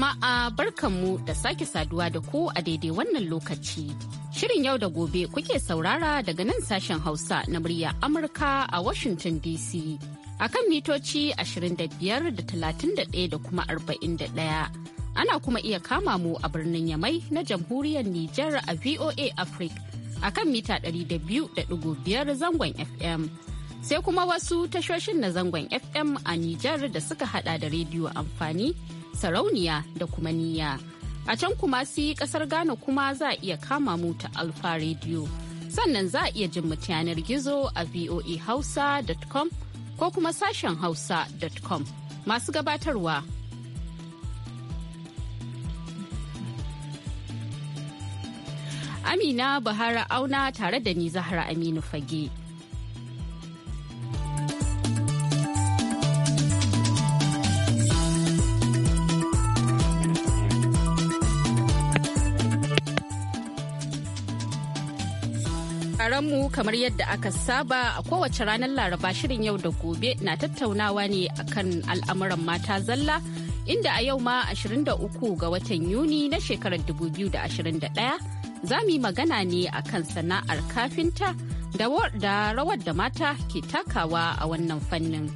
jama'a barkanmu da sake saduwa da ku a daidai wannan lokaci. Shirin yau da gobe kuke saurara daga nan sashen Hausa na murya Amurka a Washington DC. A kan mitoci 25 da 31 da kuma 41. Ana kuma iya kama mu a birnin Yamai na jamhuriyar Nijar a VOA Africa a kan mita 200.5 zangon FM. Sai kuma wasu tashoshin na zangon FM a Nijar da suka hada da rediyo amfani. sarauniya da kuma niyya. A can kuma si kasar Ghana kuma za a iya kama mu ta Alfa Radio. Sannan za a iya jin mu yanar gizo a voahausa.com ko kuma sashen hausa.com. Masu gabatarwa. Amina Bahara Auna tare da ni Zahra Aminu Fage. mu kamar yadda aka saba a kowace ranar laraba shirin yau da gobe na tattaunawa ne akan al'amuran mata zalla inda a yau ma 23 ga watan yuni na shekarar 2021 za mu yi magana ne akan sana'ar kafinta da rawar da mata ke takawa a wannan fannin.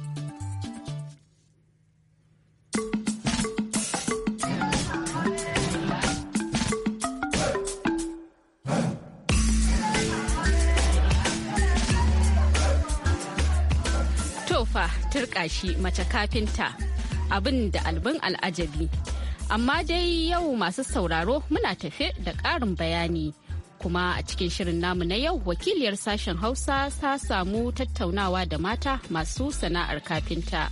riƙa shi mace kafinta abin da albin al'ajabi. Amma dai yau masu sauraro muna tafe da ƙarin bayani. Kuma a cikin shirin namu na yau wakiliyar sashen Hausa ta samu tattaunawa da mata masu sana'ar kafinta.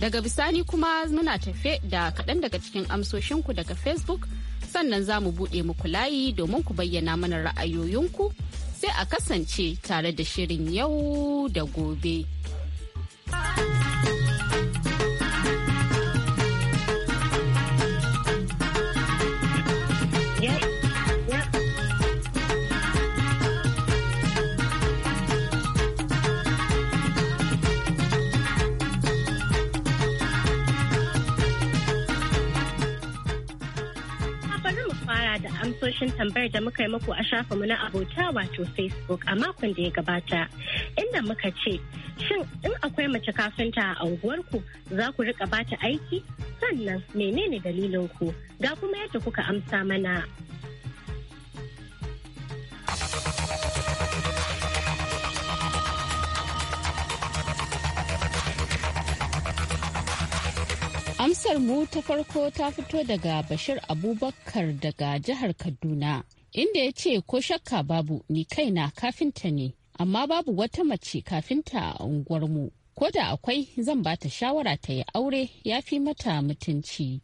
Daga bisani kuma muna tafe da kaɗan daga cikin amsoshinku daga Facebook sannan za mu buɗe muku layi domin ku bayyana mana ra'ayoyinku sai a kasance tare da shirin yau da gobe. amsoshin tambayar da muka yi muku a shafinmu na abota wato Facebook a makon da ya gabata. Inda muka ce, shin in akwai mace kafinta a unguwarku za ku rika bata aiki? Sannan menene dalilin ku Ga kuma yadda kuka amsa mana. Amsar mu ta farko ta fito daga Bashir Abubakar daga jihar Kaduna, inda ya ce ko shakka babu ni kaina kafinta ne, amma babu wata mace kafinta a unguwarmu. Ko da akwai zan ba ta shawara ta yi aure ya fi mata mutunci.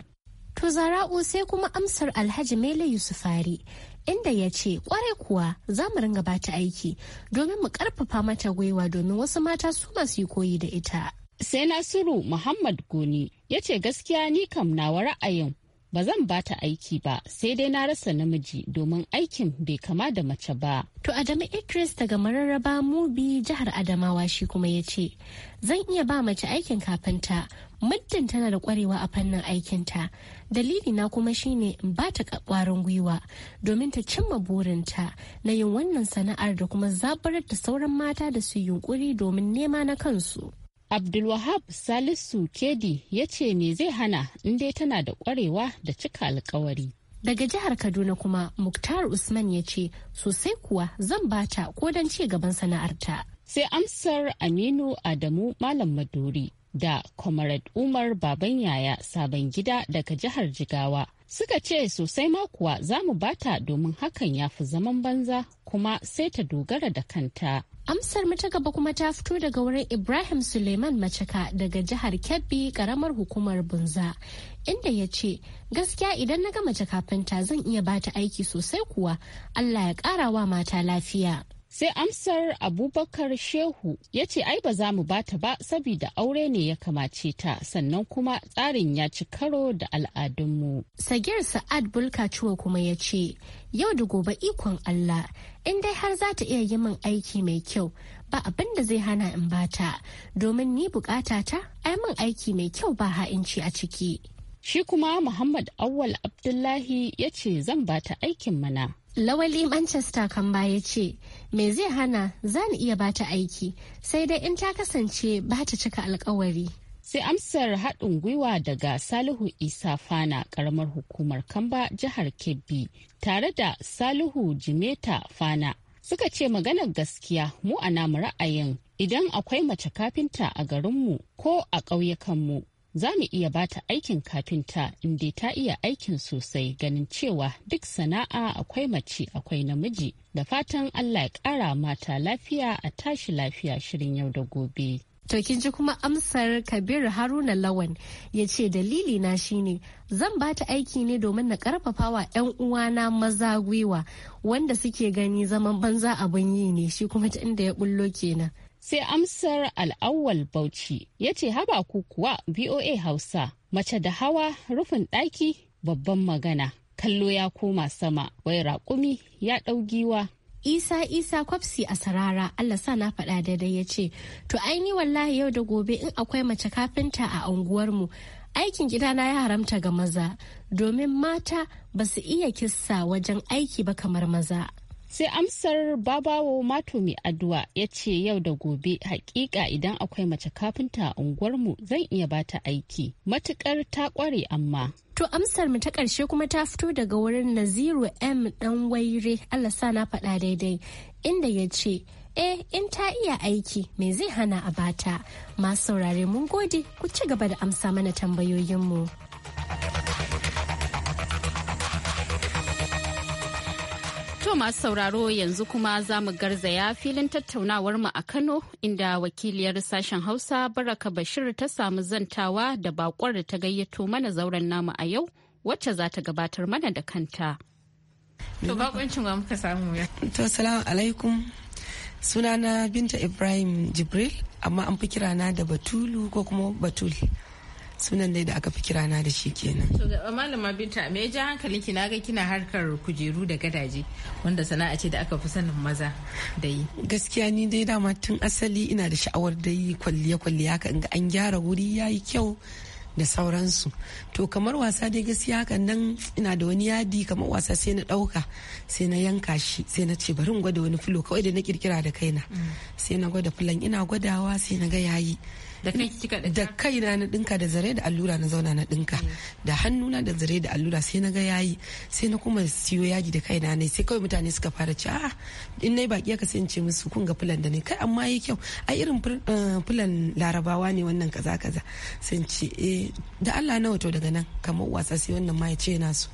To zara'u sai kuma amsar Alhaji Mele Yusufari inda ya ce kwarai kuwa za mu ringa ta aiki domin mu karfafa mata gwiwa domin wasu mata su masu yi koyi da ita. sai nasiru muhammad goni ya ce gaskiya ni kam nawa ra'ayin ba zan ba ta aiki ba sai dai na rasa namiji domin aikin bai kama da mace ba. To Adamu Idris daga mararraba mubi jihar Adamawa shi kuma ya ce, zan iya ba mace aikin kafinta muddin tana da kwarewa a fannin aikinta. Dalili na kuma shine ba ta kwarin gwiwa domin ta cimma burinta na yin wannan sana'ar da kuma zabarar da sauran mata da su yunkuri domin nema na kansu. Abdulwahab Salisu Kedi ya ce me zai hana in dai tana da kwarewa da cika alkawari. Daga jihar Kaduna kuma Muktar Usman ya ce sosai kuwa zan bata ko don ci gaban sana'arta. Sai amsar Aminu Adamu Malam Maduri da Comrade Umar Baban Yaya Sabon Gida daga jihar Jigawa. Suka ce sosai ma kuwa za mu bata domin hakan ya fi zaman banza kuma sai ta dogara da kanta. Amsar mu ta gaba kuma ta fito daga wurin Ibrahim Suleiman Macaka daga jihar Kebbi karamar hukumar Bunza inda ya ce gaskiya idan na gama mace kafinta zan iya bata aiki sosai kuwa Allah ya ƙara wa mata lafiya. sai amsar abubakar shehu ya ce ai ba za mu bata ba saboda aure ne ya kamace ta sannan kuma tsarin ya ci karo da al'adunmu. sagir sa'ad bulka ciwo kuma ya ce yau da gobe ikon allah in dai har za ta iya yi min aiki mai kyau ba abin da zai hana in bata domin ni bukata ta ai min aiki mai kyau ba ha'inci a ciki shi kuma muhammad awwal abdullahi ya ce zan bata aikin mana Lawali Manchester Kamba ya ce, Me zai hana za ni iya bata aiki, sai dai in ta kasance ba ta cika alkawari. Sai amsar haɗin gwiwa daga Salihu Isa Fana ƙaramar hukumar Kamba jihar Kebbi tare da Salihu Jimeta Fana suka ce maganar gaskiya mu a ra'ayin idan akwai mace kafinta a garinmu ko a ƙauyukanmu za mu iya ba ta aikin kafinta inda ta iya aikin sosai ganin cewa duk sana'a akwai mace akwai namiji da fatan allah ya kara mata lafiya a tashi lafiya shirin yau da gobe To kin ji kuma amsar Kabir Haruna Lawan ya ce dalili na shine zan ba ta aiki ne domin na karfafa wa 'yan uwana maza gwiwa wanda suke gani zaman banza abin yi ne shi kuma ta inda ya bullo kenan. sai amsar al'awwal bauchi ya ce haba ku kuwa voa hausa mace da hawa rufin ɗaki babban magana kallo ya koma sama wai raƙumi ya ɗau giwa isa isa kwafsi a sarara allah sa na faɗa daidai ya ce to aini wallahi yau da gobe in akwai mace kafinta a unguwarmu aikin gidana ya haramta ga maza domin mata ba su iya kissa wajen aiki ba kamar maza sai amsar babawo mato mai addu'a ya ce yau da gobe hakika idan akwai mace kafinta a unguwarmu zan iya bata aiki matukar ta kware amma To amsar mu ta ƙarshe kuma ta fito daga wurin Naziru M dan waire Allah sa na faɗa daidai inda ya ce eh in ta iya aiki me zai hana a bata masu saurare mun gode ku ci gaba da amsa mana tambayoyinmu. To masu sauraro yanzu kuma za mu garzaya filin tattaunawar mu a Kano inda wakiliyar sashen Hausa Baraka Bashir ta samu zantawa da bakwar da ta gayyato mana zauren namu a yau wacce za ta gabatar mana da kanta. To bakoncin wa muka samu ya. To salamu alaikum. Sunana Binta Ibrahim Jibril amma an fi kirana da Batulu ko kuma Batul. sunan dai da aka fi kirana da shi kenan. To da uh, malama binta me ja hankalin ki naga kina harkar kujeru da gadaje wanda sana'a ce da aka fi sanin maza da yi. Gaskiya ni dai dama tun asali ina da sha'awar da yi kwalliya kwalliya haka ga an gyara wuri yayi kyau da sauransu to kamar wasa dai gaskiya haka nan ina da wani yadi kamar wasa sai na ɗauka sai na yanka shi sai na ce bari in gwada wani filo kawai da na kirkira da kaina mm. sai na gwada fulan ina gwadawa sai na ga yayi da kaina na dinka da zare da allura na zauna na dinka mm. da hannuna da zare da allura sai na ga yayi sai na kuma siyo yaji da kaina ne sai kawai mutane suka fara ci a ah, in nayi baki aka sai in ce musu kun ga fulan da ne kai amma yi kyau ai irin eh, fulan larabawa ne wannan kaza kaza sun ce eh da Allah na wato daga nan kamar wasa sai wannan ma ya ce na su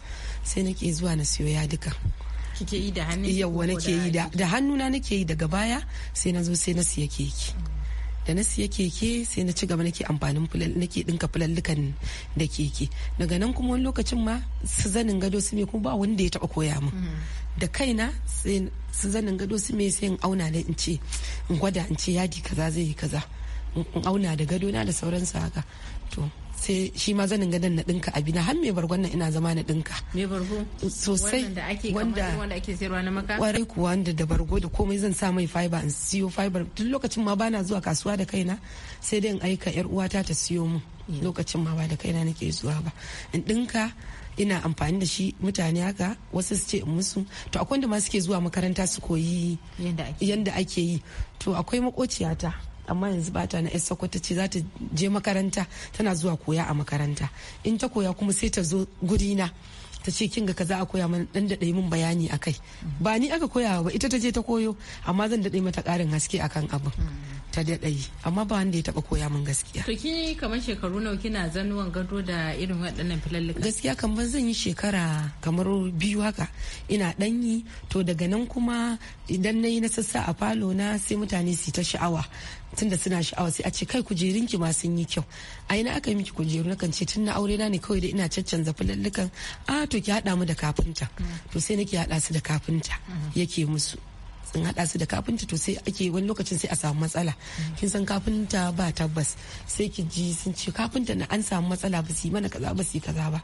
sai nake zuwa na siyo ya duka kike yi da hannu yawa nake yi da hannuna nake yi daga baya sai na zo sai na siya keke mm. da na siya keke sai na ci gaba nake amfanin nake dinka fulallukan da keke daga nan kuma wani lokacin ma su zanin gado su me kuma ba wanda ya taba koya min mm. da kaina sai su zanin gado su me sai in auna ne in ce in gwada in ce yadi kaza zai yi kaza in auna da gado na da sauransu haka to sai shi ma zanin gadon na dinka abina har mai bargon nan ina zama na dinka me bargo sosai wanda ake sayarwa na maka kwarai kuwa wanda da bargo da komai zan sa mai fiber in siyo fiber tun lokacin ma bana zuwa kasuwa da kaina sai dai in aika yar uwata ta siyo mu lokacin ma ba da kaina nake zuwa ba in dinka ina amfani da shi mutane haka wasu su ce musu to akwai wanda ma suke zuwa makaranta su koyi yanda ake yi to akwai makociyata amma yanzu ba ta na yar sokoto ce za ta je makaranta tana zuwa koya a makaranta in ta koya kuma sai ta zo guri ta ce kin ga kaza a koya mana dan daɗe mun bayani akai ba ni aka koya ba ita ta je ta koyo amma zan daɗe mata karin haske akan abin ta daɗe amma ba wanda ya taba koya min gaskiya. To ki kamar shekaru nawa kina zanuwan gado da irin waɗannan filalluka? Gaskiya kamar zan yi shekara kamar biyu haka ina ɗanyi to daga nan kuma idan nayi na sassa a falo na sai mutane su ta sha'awa tunda suna sha'awa sai a ce kai ki ma sun yi kyau a ina aka yi miki kujeru na kan ce tun na aure na ne kawai da ina caccanza filallukan a ah, to ki haɗa mu da kafinta to sai nake haɗa su da kafinta yake musu sun haɗa su da kafinta to sai ake wani lokacin sai a samu matsala kin san kafinta ba tabbas sai ki ji sun ce kafinta na an samu matsala ba su mana kaza ba su kaza ba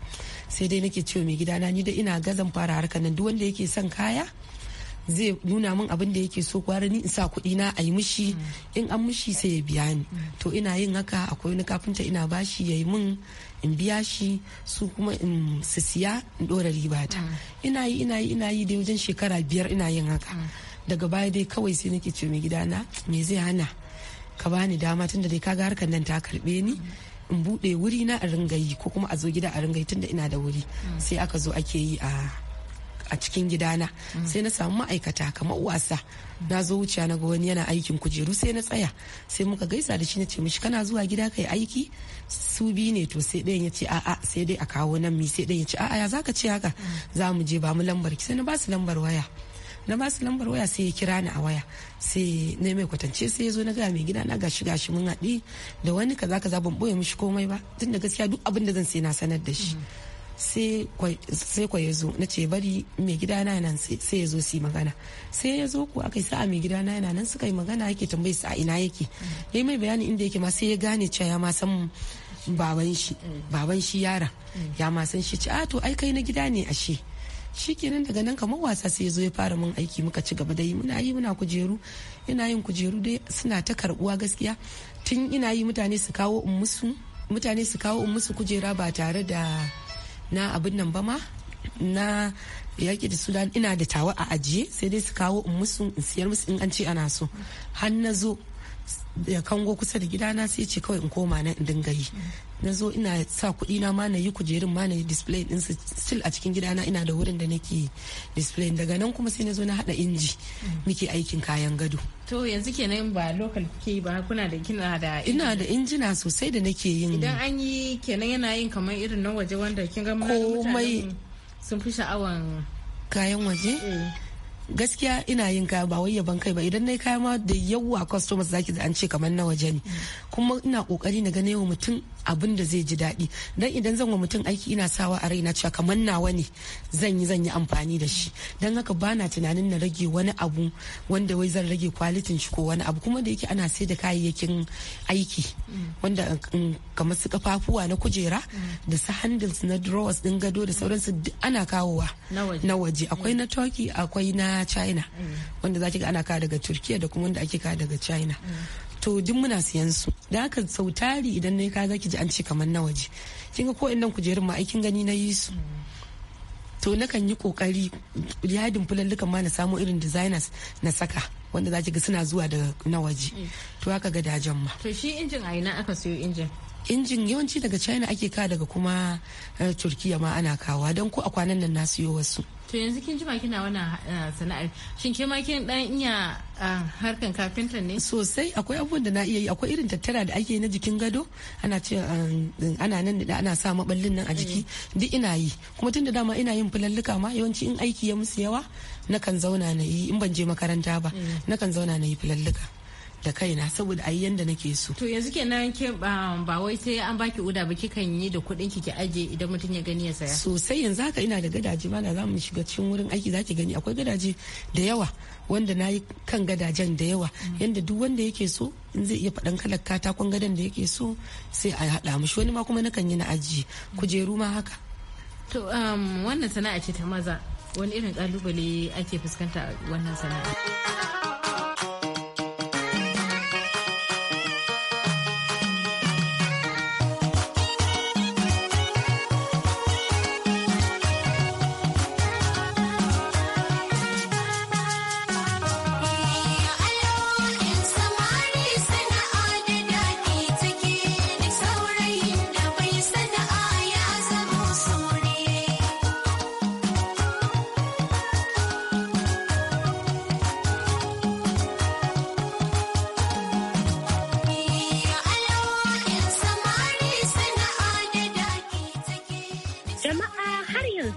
sai dai nake cewa mai gidana ni da ina gazan fara harkar nan duk wanda yake son kaya zai nuna min abin da yake so kwara ni in sa kuɗi na a yi mishi in an mushi sai ya biya ni to ina yin haka akwai wani kafinta ina bashi ya yi min in biya shi su kuma in su siya in ɗora riba ta ina yi ina yi ina yi dai wajen shekara biyar ina yin haka daga baya dai kawai sai nake ce mai na me zai hana ka bani dama tunda dai kaga harkar nan ta karɓe ni in bude wuri na a ringa ko kuma a zo gida a ringa yi tunda ina da wuri sai aka zo ake yi a a cikin gidana sai na samu ma'aikata kamar wasa na zo wuciya na ga wani yana aikin kujeru sai na tsaya sai muka gaisa da shi na ce mishi kana zuwa gida kai aiki su bi ne to sai ɗayan ya ce a'a sai dai a kawo nan mi sai ɗayan ya ce a'a ya zaka ce haka za mu je ba mu lambar ki sai na ba lambar waya na ba lambar waya sai ya kira ni a waya sai na mai kwatance sai ya zo na gaya mai gida na gashi gashi mun haɗi da wani kaza kaza ban boye mishi komai ba tunda gaskiya duk abin da zan sai na sanar da shi sai kwa ya zo na ce bari mai gida na nan sai ya zo su magana sai ya zo ku aka yi sa'a mai gida na yana nan suka yi magana yake tambayi sa ina yake ya yi mai bayani inda yake ma sai ya gane cewa ya ma baban shi baban yara ya ma san shi ce a ah, to ai kai na gida ne ashe shikenan daga nan kamar wasa sai ya zo ya fara mun aiki muka ci gaba da yi muna yi muna kujeru ina yin kujeru dai suna ta karbuwa gaskiya tun ina yi mutane su kawo in mutane su kawo in musu kujera ba tare da na abin nan ba ma na yaƙi da sudan ina da tawa a ajiye sai dai su kawo in musu in siyar musu in an ce ana so har na zo da kango kusa da gidana sai ce kawai in koma na in dinga yi na zo ina sa kuɗi na ma na yi kujerun ma na yi display din su still a cikin gidana ina da wurin da nake display daga nan kuma sai na zo na haɗa inji muke aikin kayan gado to yanzu kenan ba local kuke ba kuna da kina da ina da injina sosai da nake yin idan an yi kenan yana yin kamar irin na waje wanda kin ga mutane sun fi sha'awan kayan waje eh. gaskiya ina yin kaya ba wai yaban kai ba idan na yi kaya ma da yawa customers zaki da an ce kamar na waje ne mm. kuma ina kokari na gane wa mutum abin da zai ji daɗi don idan zan wa mutum aiki ina sawa a raina cewa kamar nawa ne zan yi zan yi amfani da shi don haka ba na tunanin na rage wani abu wanda wai zan rage kwalitin shi ko wani abu kuma da yake ana sai da kayayyakin aiki wanda kamar su kafafuwa na kujera da su handles na drawers din gado da sauransu ana kawowa na waje akwai na turkey akwai na china mm. wanda za ki ga ana kawo daga turkiya da kuma wanda ake kawo daga china to duk muna siyan su da haka sau tari idan na yi kaza ki ji an ce kamar na waje kin ga ko in nan kujerun ma aikin gani na yi su to nakan yi kokari yadin fulallukan ma na samu irin designers na saka wanda za ki ga suna zuwa daga na waje mm. to haka ga dajan ma to shi injin a ina aka siyo injin injin yawanci daga china ake ka daga kuma eh, turkiya ma ana kawa don ko a kwanan nan na siyo wasu to yanzu kin jima kina wannan eh, sana'ar shin ke ma kin dan iya eh, harkan kafinta ne sosai akwai abubuwan da na iya yi akwai irin tattara da ake na jikin gado ana ce ana nan da ana sa maballin nan a jiki mm. duk ina yi kuma tun da dama ina yin fulalluka ma yawanci in aiki ya musu yawa nakan zauna na yi in ban je makaranta ba mm. nakan zauna na yi fulalluka da kaina saboda ayi yanda nake so to yanzu kenan ke um, ba wai sai an baki uda ba kikan yi da kuɗin ki ki aje idan mutum ya gani ya saya sosai yanzu haka ina da gadaje ma da za mu shiga cikin wurin aiki za ki gani akwai gadaje da yawa wanda na yi kan gadajen da yawa mm. yanda duk wanda yake so in zai iya faɗan kalar katakon gadon da yake so sai a haɗa mushi wani ma kuma na kan yi na aji mm. kujeru ma haka to um, wannan sana'a ce ta maza wani irin kalubale ake fuskanta wannan sana'a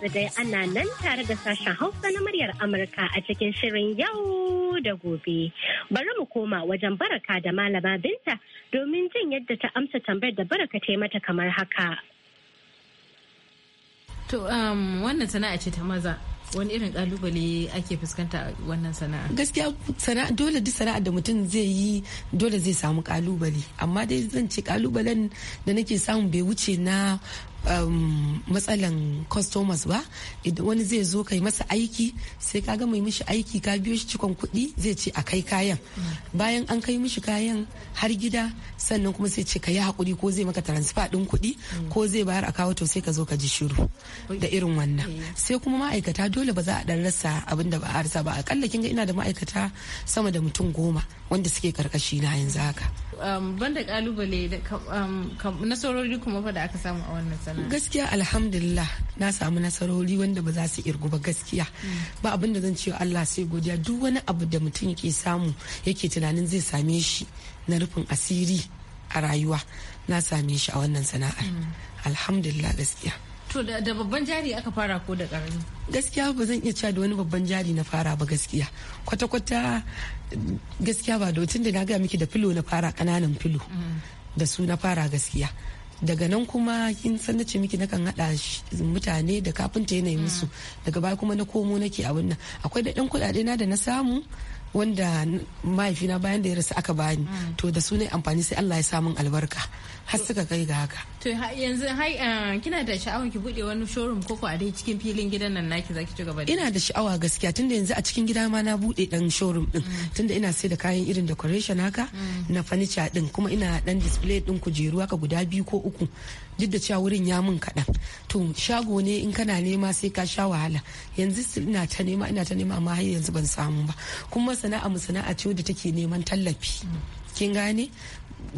yanzu dai ana nan tare da sashen Hausa na muryar Amurka a cikin shirin yau da gobe. Bari mu koma wajen baraka da malama binta domin jin yadda ta amsa tambayar da baraka ta mata kamar haka. To um, wannan sana'a ce ta maza. wani irin kalubale ake fuskanta wannan sana'a gaskiya sana'a dole duk sana'a da mutum zai yi dole zai samu kalubale amma dai zan ce kalubalen da nake samu bai wuce na Um, matsalan customers ba wani zai zo kai masa aiki sai ka ga mai mishi aiki ka biyo shi cikon kuɗi zai ce a kai kayan bayan an kai mishi kayan har gida sannan kuma sai ce ka yi hakuri ko zai maka transfer ɗin kuɗi ko zai bayar a kawo to sai ka zo ka ji shiru da irin wannan sai kuma ma'aikata dole ba za a ɗan rasa abin da ba a rasa ba akalla kin ina da ma'aikata sama da mutum goma wanda suke karkashi na yanzu haka. Um, banda kalubale um, na saurari kuma fa da aka samu a wannan gaskiya alhamdulillah na samu nasarori wanda ba za su irgu ba gaskiya ba abin da zan ce Allah sai godiya duk wani abu da mutum yake samu yake tunanin zai same shi na rufin asiri a rayuwa na same shi a wannan sana'ar alhamdulillah gaskiya to da babban jari aka fara ko da karami gaskiya ba zan iya cewa da wani babban jari na fara ba gaskiya kwata-kwata gaskiya ba da tun da na gaya miki da filo na fara kananan filo da su na fara gaskiya daga nan kuma kin san nace miki nakan hada mutane da kafinta yanayi musu mm. daga baya kuma na komo nake abin nan akwai da ɗan kudade na da na samu wanda mahaifina bayan da ya rasu aka bani mm. to da su amfani sai Allah ya samun albarka har suka kai ga haka to yanzu hai uh, kina da sha'awar ki bude wani showroom ko ko a dai cikin filin gidan nan naki zaki ci gaba ina da sha'awa gaskiya tunda yanzu a cikin gida ma na bude dan showroom din mm. tunda ina sai da kayan irin decoration haka mm. na furniture din kuma ina dan display din kujeru haka guda biyu ko uku duk da cewa wurin ya mun kaɗan to shago ne in kana nema sai ka sha wahala yanzu ina ta nema ina ta nema amma har yanzu ban samu ba kuma sana'a mu sana'a ce wadda take neman tallafi kin gane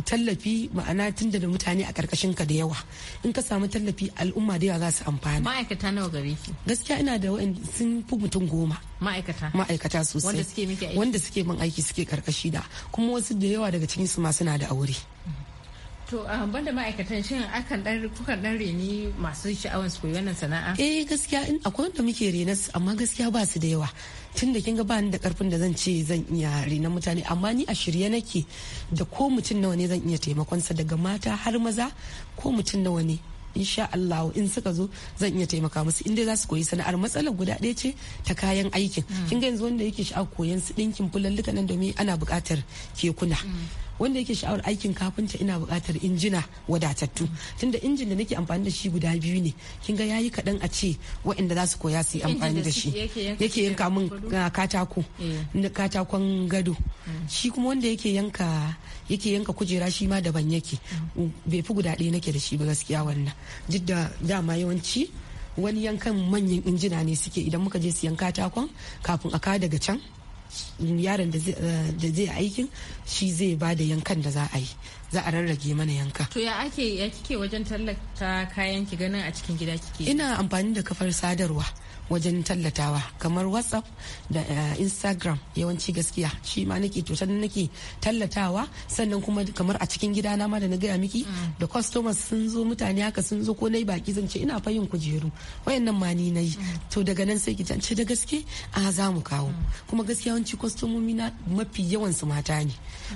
tallafi ma'ana tun da mutane a karkashin ka da yawa in ka samu tallafi al'umma da yawa za su amfana ma'aikata nawa gare ki gaskiya ina da wa'in sun fi mutum goma ma'aikata ma'aikata sosai wanda suke miki aiki wanda suke min aiki suke karkashi da kuma wasu da yawa daga cikin su ma suna da aure To a da ma'aikatan shin akan dan kukan dan reni masu sha'awar su koyi wannan sana'a? Eh gaskiya in akwai wanda muke rena su amma gaskiya ba su da yawa. Tun da kin ga bani da karfin da zan ce zan iya renan mutane amma ni a shirye nake da ko mutum nawa ne zan iya taimakon sa daga mata har maza ko mutum nawa ne insha Allah in suka zo zan iya taimaka musu inda za su koyi sana'ar matsalar guda ɗaya ce ta kayan aikin mm. kin ga yanzu wanda yake sha'awar koyan su ɗinkin fulalluka nan domin ana buƙatar kekuna mm. wanda yake sha'awar aikin kafinta ina buƙatar injina wadatattu tunda injin da nake amfani da shi guda biyu ne kin ga yayi kaɗan a ce waɗanda za su koya su yi amfani da shi yake yanka min katako eh. katakon gado hmm. shi kuma wanda yake yanka yake yanka kujera shi ma daban yake hmm. bai fi guda ɗaya nake da shi ba gaskiya wannan duk da dama yawanci wani yankan manyan injina ne suke idan muka je siyan katakon kafin a ka daga can yaron eh, da zai aikin shi zai ba da yankan da za a yi za a rarrage mana yanka. To ya ake ya kike wajen tallata kayan ki ganin a cikin gida kike? Ina amfani da kafar sadarwa. wajen tallatawa kamar whatsapp da eh, instagram yawanci gaskiya shi ma nake to sannan nake tallatawa sannan kuma kamar a cikin gidana ma da na gaya miki da customers sun zo mutane haka sun zo ko na baki zan ce ina yin kujeru wayannan ma ni nayi yi to daga nan sai ki ce da gaske a za mu kawo kuma gaskiya yawanci kwastomomi na mafi yawan su mata ne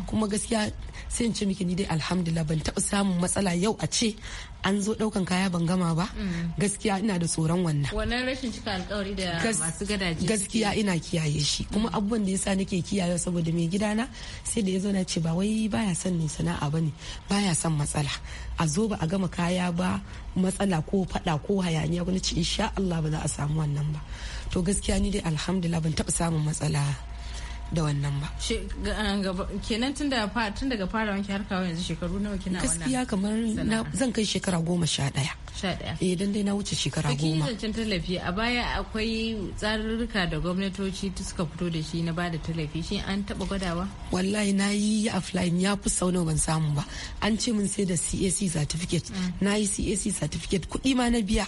kuma gaskiya sai in ce miki ni dai alhamdulillah ban taɓa samun matsala yau a ce an zo daukan kaya ban gama ba mm. gaskiya ina da tsoron wannan wannan rashin cika alkawari da masu gadaje gaskiya ina kiyaye shi kuma mm. abubuwan da yasa nake kiyaye saboda mai gidana sai da ya zo na ce ba wai baya son ne sana'a bane baya son matsala a zo ba a gama kaya ba matsala ko fada ko hayaniya wani ce insha Allah ba za a samu wannan ba to gaskiya ni dai alhamdulillah ban taba samun matsala da wannan ba. Ah, kenan tun daga fara wanke harka kawo yanzu shekaru nawa kina wannan Gaskiya kamar zan kai shekara goma sha ɗaya. Sha ɗaya. Eh dan dai na wuce shekara goma. Kin zancen tallafi a baya akwai tsarurruka da gwamnatoci suka fito da shi na bada tallafi shi an taɓa gwadawa? Wallahi na yi offline ya fi sau nawa ban samu ba. An ce min sai da CAC certificate. Mm. Na yi CAC certificate kuɗi ma na biya.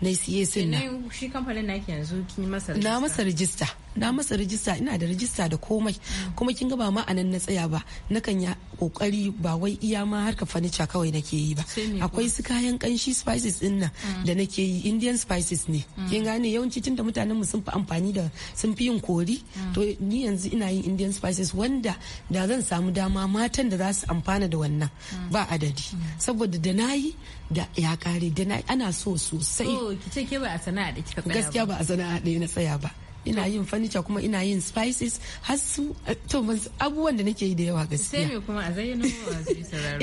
Na yi CAC na. Shi kamfanin naki yanzu kin masa rijista. Na masa rijista. na masa rijista ina da rijista da komai kuma kin ga ba ma anan na tsaya ba nakan yi kokari ba wai iya ma harka fanicha kawai nake yi ba akwai su kayan kanshi spices din nan mm. da nake yi indian spices ne mm. kin gane yawanci tunda mutanen mu sun fi amfani da sun fi yin kori mm. to ni yanzu ina yin indian spices wanda da zan samu dama matan da za su amfana da wannan ba adadi saboda da nayi da ya kare da ana so sosai. Oh, ki ke ba a sana'a da kika Gaskiya ba a sana'a ɗaya na tsaya ba. ina yin furniture kuma ina yin spices har su to abubuwan da nake yi da yawa gaskiya sai me kuma a zayyano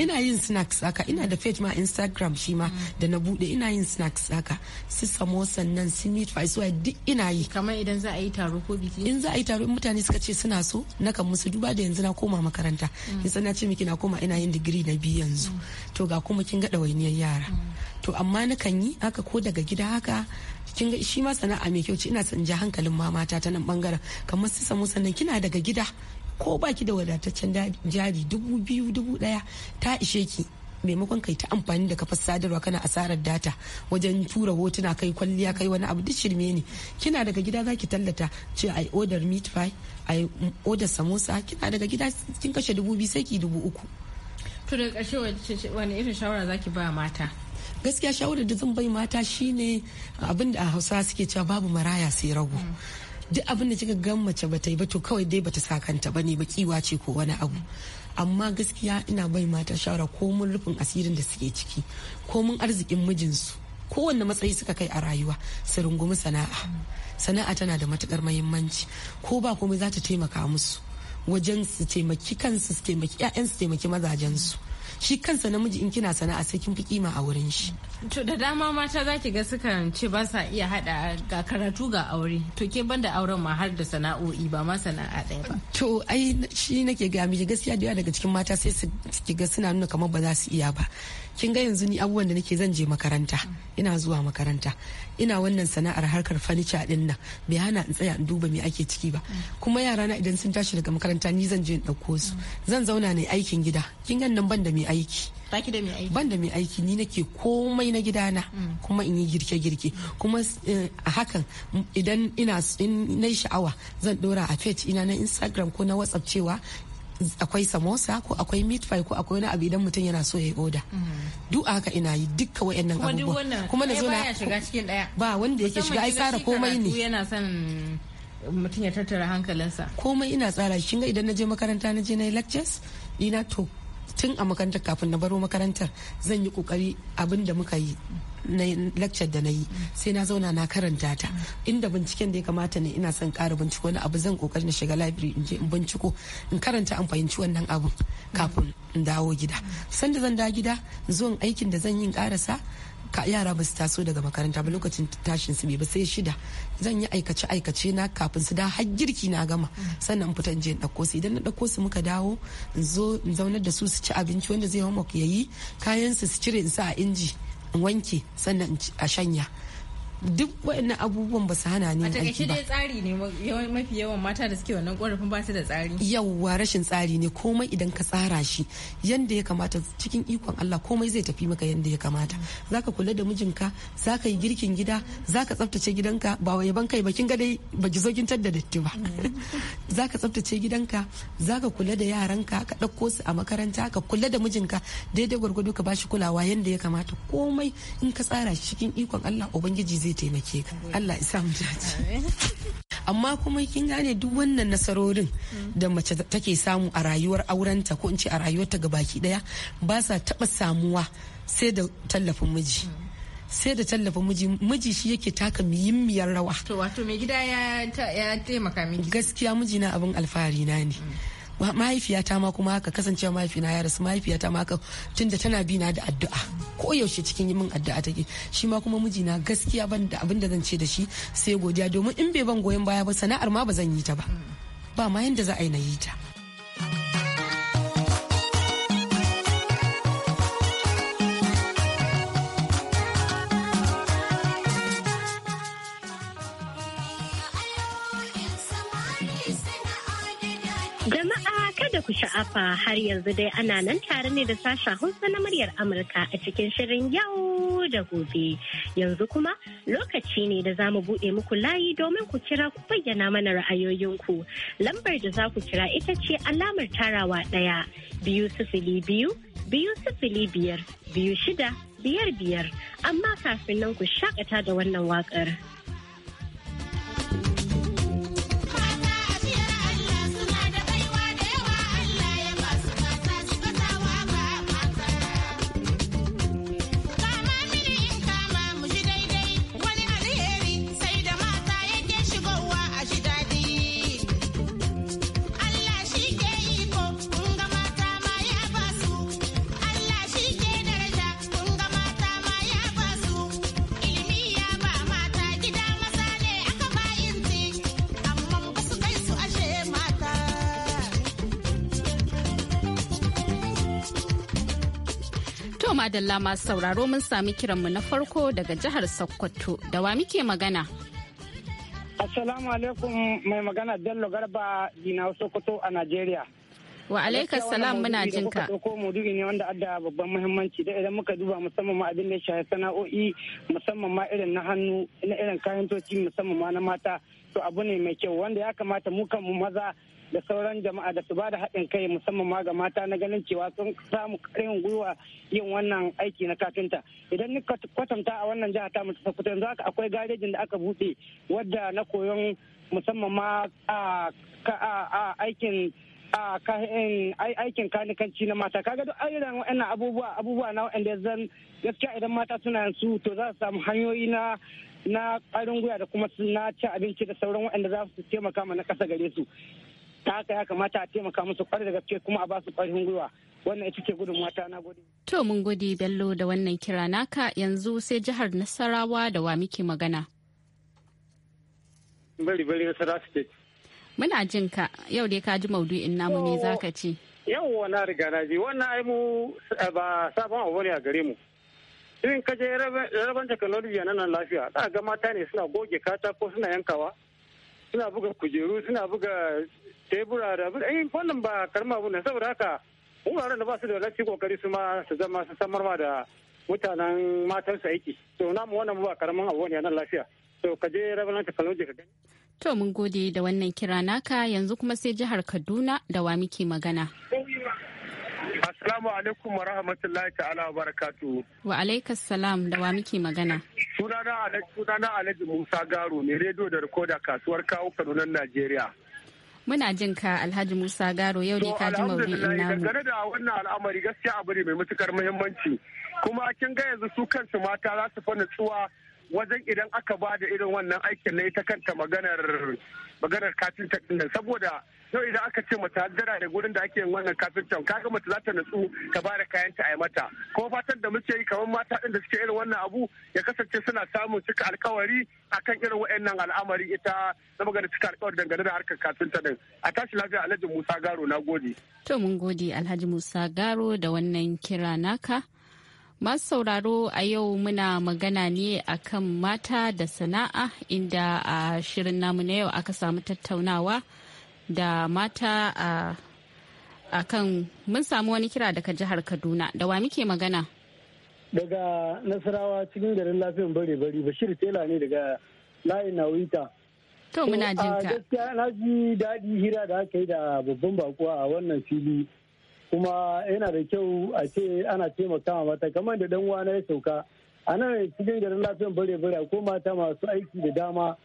ina yin snacks haka ina da page ma Instagram shi ma mm. da na bude ina yin snacks haka su samosa nan su meat pie su duk ina yi kamar idan za a yi taro ko biki in za a yi taro mutane suka ce suna so na kan musu duba da yanzu na koma makaranta mm. yanzu na ce miki na koma ina yin digiri na biyu yanzu mm. to ga kuma kin ga dawainiyar yara to amma na kan yi haka ko daga gida haka kin ga shi ma sana'a mai kyau ce ina son ji hankalin ma mata ta nan bangaren kamar su samu sannan kina daga gida ko baki da wadataccen jari dubu biyu dubu daya ta ishe ki maimakon kai ta amfani da kafar sadarwa kana asarar data wajen tura hotuna kai kwalliya kai wani abu duk shirme ne kina daga gida za ki tallata ce ai odar meat pie ai odar samosa kina daga gida kin kashe dubu biyu sai ki dubu uku to daga ƙarshe wani irin shawara zaki ba mata gaskiya shawarar da zan bai mata shine abin da a hausa suke cewa babu maraya sai rago duk abin da kika gan mace bata yi ba to kawai dai bata sakanta ba ne ba kiwa ce ko wani abu amma gaskiya ina bai mata shawara ko mun rufin asirin da suke ciki ko mun arzikin mijinsu kowanne matsayi suka kai a rayuwa su rungumi sana'a sana'a tana da matukar mahimmanci ko ba komai za ta taimaka musu wajen su taimaki kansu su taimaki 'ya'yan su taimaki mazajensu shi kansa namiji in kina sana'a sai kin fi kima a wurin shi to da dama mata za zaki ga sukan ce ba sa iya hada ga karatu ga aure to ke banda auren ma har da sana'o'i ba ma sana'a ɗaya ba to ai shi nake ga miji gaskiya da daga cikin mata sai su ga suna nuna kamar ba za su iya ba kin ga yanzu ni abubuwan da nake zan je makaranta ina zuwa makaranta ina wannan sana'ar harkar fanica din nan bai hana in tsaya in duba me ake ciki ba kuma yara na idan sun tashi daga makaranta ni zan je in dauko su zan zauna ne aikin gida kin ga nan ban da me aiki baki da mai aiki ban da mai aiki ni nake komai na gidana mm. kuma in yi girke girke kuma eh, a hakan idan ina na sha'awa zan dora a page ina na instagram ko na whatsapp cewa akwai samosa ko akwai meat pie ko akwai wani abu idan mutum yana so ya yi oda mm. duk haka ina yi dukkan wayannan abubuwa kuma na zo na ba wanda yake shiga ai tsara komai ne yana son mutum ya tattara hankalinsa komai ina tsara shi ga idan na je makaranta na je na yi lectures ina to tun a makarantar kafin na baro makarantar zan yi kokari abin da muka yi na lecture da na yi sai na zauna na karanta ta inda binciken da ya kamata ne ina son ƙara binciko na abu zan kokari na shiga library in je in binciko in karanta an fahimci wannan abu kafin in dawo gida sanda zan dawo gida zuwan aikin da zan yi in karasa ka yara ba su taso daga makaranta ba lokacin tashin su ba sai shida zan yi aikace aikace na kafin su da har girki na gama sannan fitan je ɗauko su idan na ɗauko su muka dawo in zo zaunar da su su ci abinci wanda zai homework yayi kayan su su cire in sa a inji in wanke sannan a shanya duk waɗannan abubuwan ba su hana ne. aiki ba. A takaice dai tsari ne mafi yawan mata da suke wannan ƙorafin ba su da tsari. Yawwa rashin tsari ne komai idan ka tsara shi yanda ya kamata cikin ikon Allah komai zai tafi maka yanda ya kamata. za ka kula da mijinka, za ka yi girkin gida, za ka tsaftace gidanka ba wai ban kai bakin gadai ba ki zogin tadda datti ba. za ka tsaftace gidanka, za ka kula da yaranka, ka ɗauko su a makaranta, ka kula da mijinka daidai gwargwado ka bashi kulawa yadda ya kamata komai in ka tsara shi cikin ikon Allah Ubangiji zai zai taimake ka Allah ya samu amma kuma kin gane duk wannan nasarorin da mace take samu a rayuwar aurenta ko in ce a rayuwarta ga baki daya ba sa taba samuwa sai da tallafin miji sai da tallafin miji miji shi yake taka muhimmiyar rawa to wato mai gida ya taimaka miki gaskiya miji na abin alfahari na ne mahaifiyata ma kuma haka kasancewa mahaifina ya rasu mahaifiyata ma haka tunda tana bi na da addu'a ko yaushe cikin yi min addu'a take shi ma kuma mijina gaskiya ban da abin da zan ce da shi sai godiya domin in bai ban goyon baya ba sana'ar ma ba zan yi ta ba ba ma yanda za a yi na yi ta ku sha'afa har yanzu dai ana nan tare ne da sashen Hausa na muryar Amurka a cikin shirin yau da gobe. Yanzu kuma lokaci ne da za mu buɗe muku layi domin ku kira ku bayyana mana ra'ayoyinku. Lambar da za ku kira ita ce alamar tarawa ɗaya biyu sifili biyu biyu sifili biyar biyu shida biyar biyar amma kafin nan ku shakata da wannan waƙar. To madalla masu sauraro mun sami kiranmu na farko daga jihar Sokoto da wa muke magana. Assalamu alaikum mai magana Bello Garba Dina Sokoto a Najeriya. Wa alaika salam muna jin ka. Ko maudu'i ne wanda adda babban muhimmanci da idan muka duba musamman ma abin da ya shafi sana'o'i musamman ma irin na hannu na irin kayan toci musamman ma na mata to abu ne mai kyau wanda ya kamata mu kan mu maza da sauran jama'a da su ba da haɗin kai musamman ma ga mata na ganin cewa sun samu karin gwiwa yin wannan aiki na kafinta idan ni kwatanta a wannan jiha ta mu ta yanzu haka akwai garejin da aka buɗe wadda na koyon musamman ma a aikin aikin kanikanci na mata kaga duk ayyukan wa'annan abubuwa abubuwa na wa'anda zan gaskiya idan mata suna su to za su samu hanyoyi na na ƙarin gwiwa da kuma na ci abinci da sauran waɗanda za su taimaka ma na ƙasa gare su ta haka ya kamata a taimaka musu kwarai da gaske kuma a ba su kwarin gwiwa wannan ita ce gudun mata na gode. To mun gode Bello da wannan kira naka yanzu sai jihar Nasarawa da wa muke magana. Bari bari Nasarawa State. Muna jin ka yau dai ka ji maudu'in namu ne za ka ce. wa na riga na ji wannan ai mu eh, ba sabon abu ne a gare mu. In ka je raban technology a nan lafiya za ga mata ne suna goge katako suna yankawa suna buga kujeru suna buga tebura da abin ayin eh, wannan ba karma abu saboda haka wuraren da ba su da lalaci kokari su ma su zama su samar ma da mutanen matansu aiki to namu wannan ba karamin abu ne nan lafiya to ka je rabanan technology ka gani to mun gode da wannan kira naka yanzu kuma sai jihar Kaduna da wa muke magana Assalamu alaikum wa rahmatullahi ta'ala wa barakatu. Wa alaikas salam da wa muke magana. Sunana Alhaji Musa Garo ne rediyo da rikoda kasuwar kawo Kaduna Najeriya. Muna jin ka Alhaji Musa Garo yau dai ka ji maudu'in namu. Dangane da wannan al'amari gaskiya abu ne mai matukar muhimmanci. Kuma kin ga yanzu su kansu mata za su fa natsuwa wajen idan aka ba da irin wannan aikin na ita kanta maganar maganar katin saboda yau idan aka ce mata haddara daga gurin da ake yin wannan kafirtan kaga mata za ta natsu ka ba da kayan ta a mata kuma fatan da muke yi kamar mata din da suke irin wannan abu ya kasance suna samun cika alkawari akan irin wa'annan al'amari ita na magana cika alkawari dangane da harkar kafinta din a tashi lafiya Alhaji Musa Garo na gode to mun gode Alhaji Musa Garo da wannan kira naka Masu sauraro a yau muna magana ne akan mata da sana'a inda a shirin namu na yau aka samu tattaunawa da mata a kan mun samu wani kira daga jihar kaduna da wa muke magana daga nasarawa cikin garin lafiyan bare bari bashir tela ne daga layin nawita to muna jinka gaskiya na ji daɗi hira da aka yi da babban bakuwa a wannan fili kuma yana da kyau a ce ana taimakawa mata kamar da dan wani ya sauka a nan cikin garin lafiyan bare bare ko mata masu aiki da dama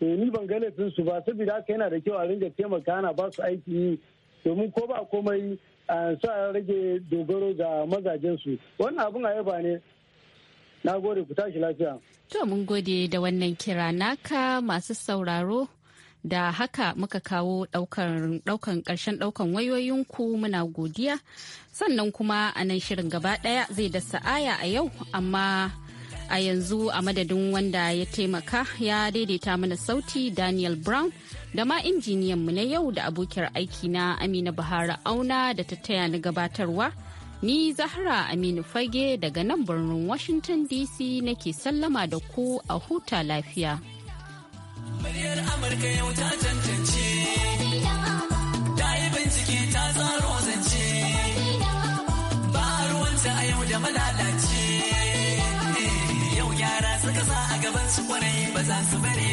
ni ban ga laifin su ba saboda haka yana da kyau a ringa taimaka ana ba su aiki domin ko ba komai sa rage dogaro ga mazajen su wannan abun a yaba ne na gode ku tashi lafiya to mun gode da wannan kira naka masu sauraro da haka muka kawo daukan karshen daukan wayoyinku muna godiya sannan kuma a nan shirin gaba daya zai da sa'aya a yau amma a yanzu a madadin wanda ya taimaka ya daidaita mana sauti daniel brown da ma injiniyan mu na yau da abokiyar aiki na amina bahara auna da ta taya na gabatarwa ni zahra aminu fage daga nan birnin washington dc nake sallama da ku a huta lafiya mala ka a gaban su kwarai ba za su bare